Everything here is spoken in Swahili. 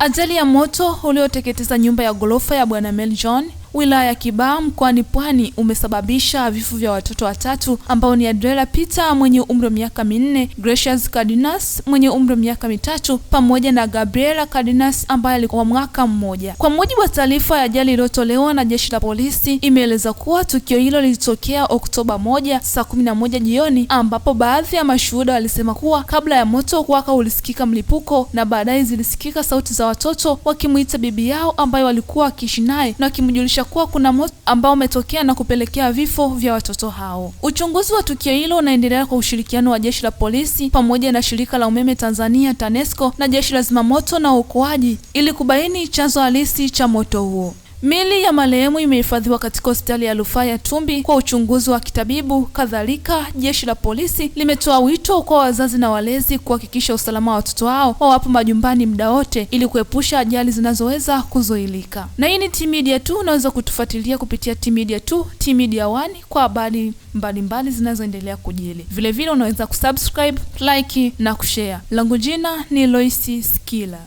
Ajali ya moto ulioteketeza nyumba ya ghorofa ya Bwana mel john wilaya ya Kibaha mkoani Pwani umesababisha vifo vya watoto watatu ambao ni Adrela Peter mwenye umri wa miaka minne, Gracious Cardinas mwenye umri wa miaka mitatu pamoja na Gabriela Cardinas ambaye alikuwa mwaka mmoja. Kwa mujibu wa taarifa ya ajali iliyotolewa na jeshi la polisi, imeeleza kuwa tukio hilo lilitokea Oktoba moja saa kumi na moja jioni, ambapo baadhi ya mashuhuda walisema kuwa kabla ya moto kuwaka ulisikika mlipuko na baadaye zilisikika sauti za watoto wakimwita bibi yao ambayo walikuwa wakiishi naye na wakimjulisha kuthibitisha kuwa kuna moto ambao umetokea na kupelekea vifo vya watoto hao. Uchunguzi wa tukio hilo unaendelea kwa ushirikiano wa jeshi la polisi pamoja na shirika la umeme Tanzania TANESCO na jeshi la zimamoto na uokoaji ili kubaini chanzo halisi cha moto huo. Mili ya marehemu imehifadhiwa katika hospitali ya rufaa ya Tumbi kwa uchunguzi wa kitabibu. Kadhalika, jeshi la polisi limetoa wito kwa wazazi na walezi kuhakikisha usalama wa watoto wao wawapo majumbani muda wote ili kuepusha ajali zinazoweza kuzuilika. Na hii ni T-Media tu, unaweza kutufuatilia kupitia Tmedia tu, T-Media One kwa habari mbalimbali zinazoendelea kujili. Vilevile unaweza kusubscribe, like na kushare. Langu jina ni Loisi Skila.